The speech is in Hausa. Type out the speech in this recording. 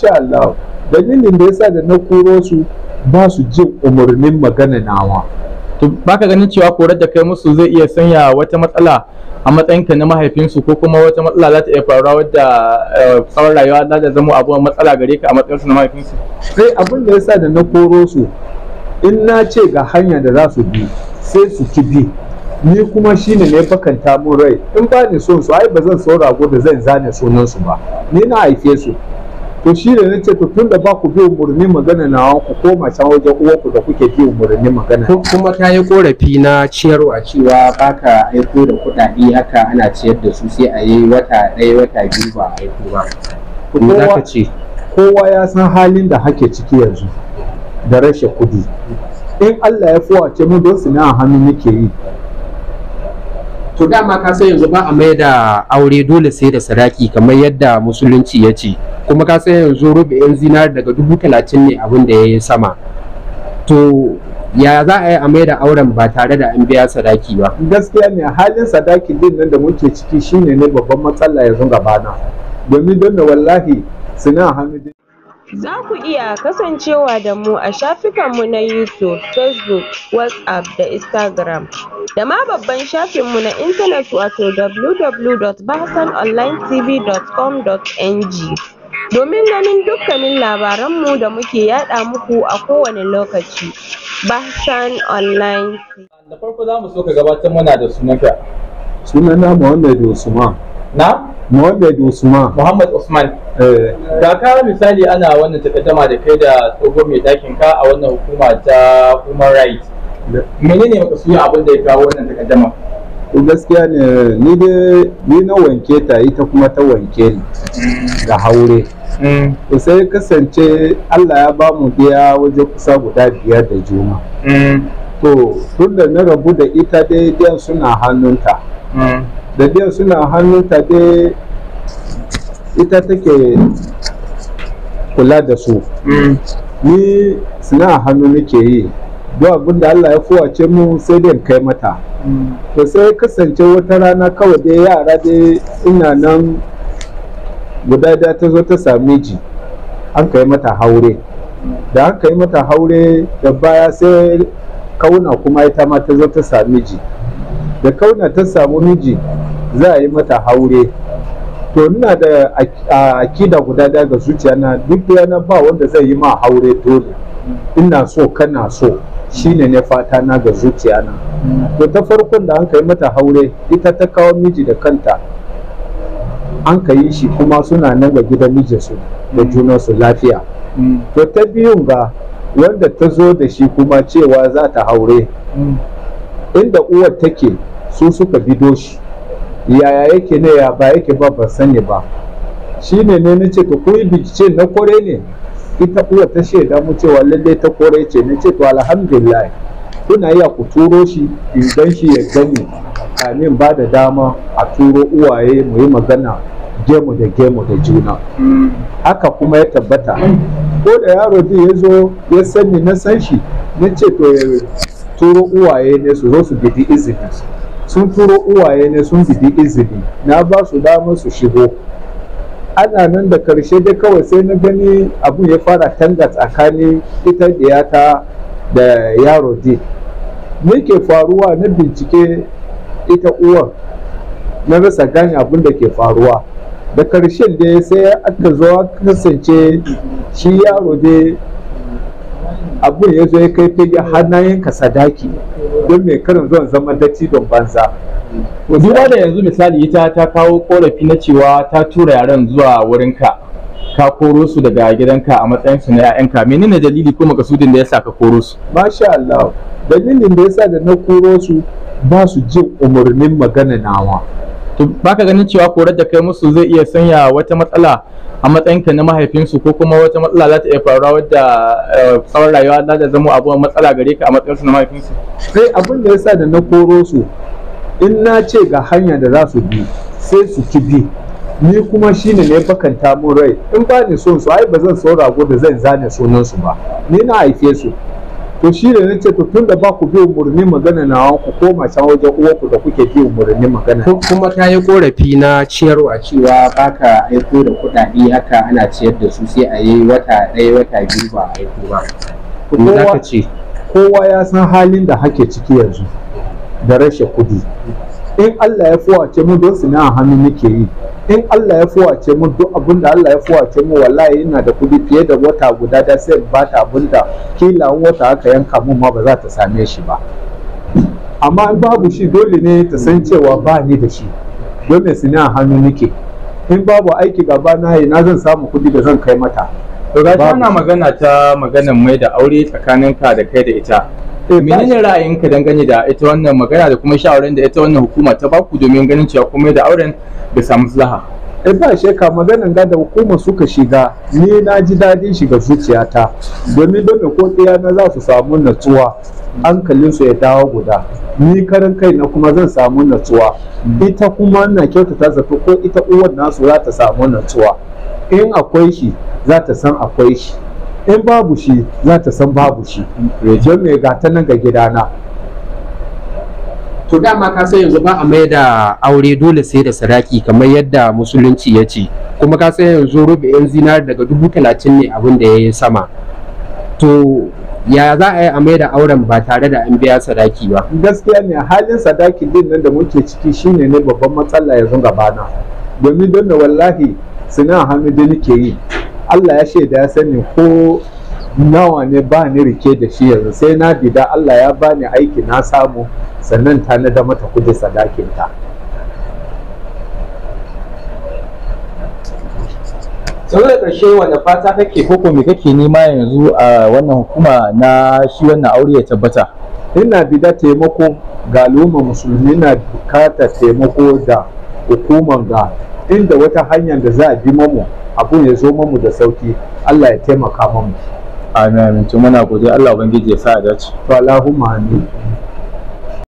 insha Allah dalilin da yasa da na koro su ba su jin umarnin magana nawa to baka ganin cewa korar da kai musu zai iya sanya wata matsala a matsayinka na mahaifinsu ko kuma wata matsala za ta iya faruwa wadda eh, tsawon rayuwa za ta zama abuwa matsala gare ka a matsayin su na mahaifinsu sai abin da yasa da na koro su in na ce ga hanya da za su bi sai su ki bi ni kuma shine ne bakanta mun rai in ba ni son su ai ba zan so rago da zan zane sunan ba ni na haife su to shi da nace to tunda ba ku bi umarni magana nawa ku koma can wajen uwanku da kuke bi umarni magana kuma ta yi korafi na ciyarwa cewa baka aiko da kuɗaɗe haka ana ciyar da su sai a yi wata ɗaya wata biyu ba aiko ba me za ce kowa ya san halin da hake ciki yanzu da rashe kudi in Allah ya ce mu don sina hannu nake yi to dama ka san yanzu ba a mai da aure dole sai da saraƙi kamar yadda musulunci ya ce kuma ka tsaye yanzu rubu'in zinar daga dubu talatin ne abin da ya yi sama to ya za a yi a mai da auren ba tare da an biya sadaki ba gaskiya ne halin sadaki din nan da muke ciki shine ne babban matsala yanzu gabana domin don da wallahi suna hannu Za ku iya kasancewa da mu a shafikanmu na YouTube, Facebook, WhatsApp da Instagram. Da ma babban shafinmu na intanet wato www.bahasanonlinetv.com.ng. domin ganin dukkanin labaranmu da muke yada muku a kowane lokaci. Bahsan Online. Da farko za mu so ka gabatar mana da sunanka. Sunana Muhammad Usman. Na? Muhammad Usman. Muhammad Usman. Da eh. ka misali ana wannan takaddama da kai da tsohon mai dakin ka a wannan hukuma ta Human Rights. Menene makasudin abin da ya kawo wannan takaddama? gaskiya ne ni dai ni na wanke ta ita kuma ta wanke ni da haure to sai kasance allah ya ba mu biya waje kusa guda biyar da juma to tun da na rabu da ita dai biyan suna hannunta da biyan suna hannunta dai ita take kula da su ni suna hannu nake yi duk abin da Allah ya kowace mu sai dai kai mata to sai kasance wata rana kawai dai yara dai ina nan guda da ta zo ta sami ji an kai mata haure da an kai mata haure da baya sai kauna kuma ita ma ta zo ta sami ji da kauna ta samu miji za a yi mata haure to ina da akida guda daya ga zuciya na duk da yana ba wanda zai yi ma haure dole ina so kana so shine ne fata na ga zuciya na to ta farkon da an kai mata haure ita ta kawo miji da kanta an ka yi shi kuma suna nan ga gidan mijinsu da junansu lafiya mm. to ta biyun ga wanda ta zo da shi kuma cewa za ta haure mm. inda uwar take su suka bido shi yaya yake ne ya ba yake ba ba sani ba shi ne ne na ce ka yi bikice na kore ne ita uwar ta shaida mu cewa lallai ta kore ce na ce to alhamdulillah kuna iya ku turo shi in gan shi ya gani kamin ba da dama a turo uwaye mu yi magana gemu da gemu da juna haka kuma ya tabbata ko da yaro zai ya zo ya sani na san shi na ce to turo uwaye ne su zo su gidi izini sun turo uwaye ne sun gidi izini na ba su damar su shigo ana nan da karshe dai kawai sai na gani abu ya fara tanga tsakanin ita diyata da yaro din me ke faruwa na bincike ita uwar na rasa gane abin da ke faruwa da karshen da ya sai aka zo kasance shi yaro dai abin ya zo ya kai fage har na yanka sadaki don mai karin zuwan zaman datti don banza duba da yanzu misali ita ta kawo korafi na cewa ta tura yaran zuwa wurinka ka koro su daga gidanka a matsayin su na 'ya'yanka menene dalili ko makasudin da ya sa ka koro su masha Allah dalilin da ya sa da na koro su ba su jin umarnin magana nawa to ka ganin cewa korar da kai musu zai iya sanya wata matsala a matsayinka na mahaifinsu ko kuma wata matsala za ta iya faruwa wadda eh, tsawon rayuwa za ta zama abuwa matsala gare ka a matsayinsu na mahaifinsu sai abin da ya sa da na koro su in na ce ga hanya da za su bi sai su ci bi ni kuma shi ne bakanta mun rai in ba ni son su ai ba zan so rago da zan zane sunan ba ni na haife su to shi da na ce to tun da ba ku bi murni magana nawa ku koma can wajen uwanku da kuke bi murni magana kuma ta yi korafi na ciyarwa cewa ba ka aiko da kuɗaɗe haka ana ciyar da su sai a yi wata ɗaya wata biyu ba a aiko ba kowa ya san halin da hake ciki yanzu da rashin kuɗi in Allah ya fuwace mu don sina hannu nake yi in Allah ya fuwace mu duk abin da Allah ya fuwace mu wallahi ina da kuɗi fiye da wata guda da sai ba ta abin da kila wata aka yanka mun ma ba za ta same shi ba amma in babu shi dole ne ta san cewa ba ni da shi don me sina hannu nake in babu aiki gaba na yi na zan samu kuɗi da zan kai mata to gashi ana magana ta maganan mai da aure tsakaninka da kai da ita Eh, menene ra'ayinka dangane da ita wannan magana da kuma shawarar da ita wannan hukuma ta baku domin ganin cewa kuma da auren da samu zaha e eh, ba ka maganin da hukuma suka shiga ni na ji daɗin shiga zuciyata domin don ko na za su samu natsuwa hankalin su ya dawo guda ni karan kai na kuma zan samu natsuwa ita kuma na ta zafi ko ita uwar nasu za ta samu natsuwa in akwai shi za ta san akwai shi in babu shi za ta san babu shi rejon me ga nan ga gidana to dama ka san yanzu ba a mai da aure dole sai da sadaki kamar yadda musulunci ya ce kuma ka san yanzu rubi 'yan zinar daga dubu talatin ne abin da ya yi sama to ya za a yi a mai da auren ba tare da an biya sadaki ba gaskiya ne halin sadaki din nan da muke ciki shine ne babban matsala yanzu gabana domin don wallahi suna hannu da nake yi Allah ya shaida ya sani ko nawa ne ba ni rike da shi yanzu sai na dida Allah ya bani aiki na samu sannan ta na da mata kudi sadakinta sau da ƙarshe wanda fata kake ko me kake nema yanzu a wannan hukuma na shi wannan aure ya tabbata ina bida taimako ga al'umma musulmi na bukata taimako da hukuman ga inda wata hanyar da za a bi mamu abun ya zo mu da sauki Allah ya taimaka mamu amin amin to muna godiya Allah ubangiji ya sa a dace to Allahumma amin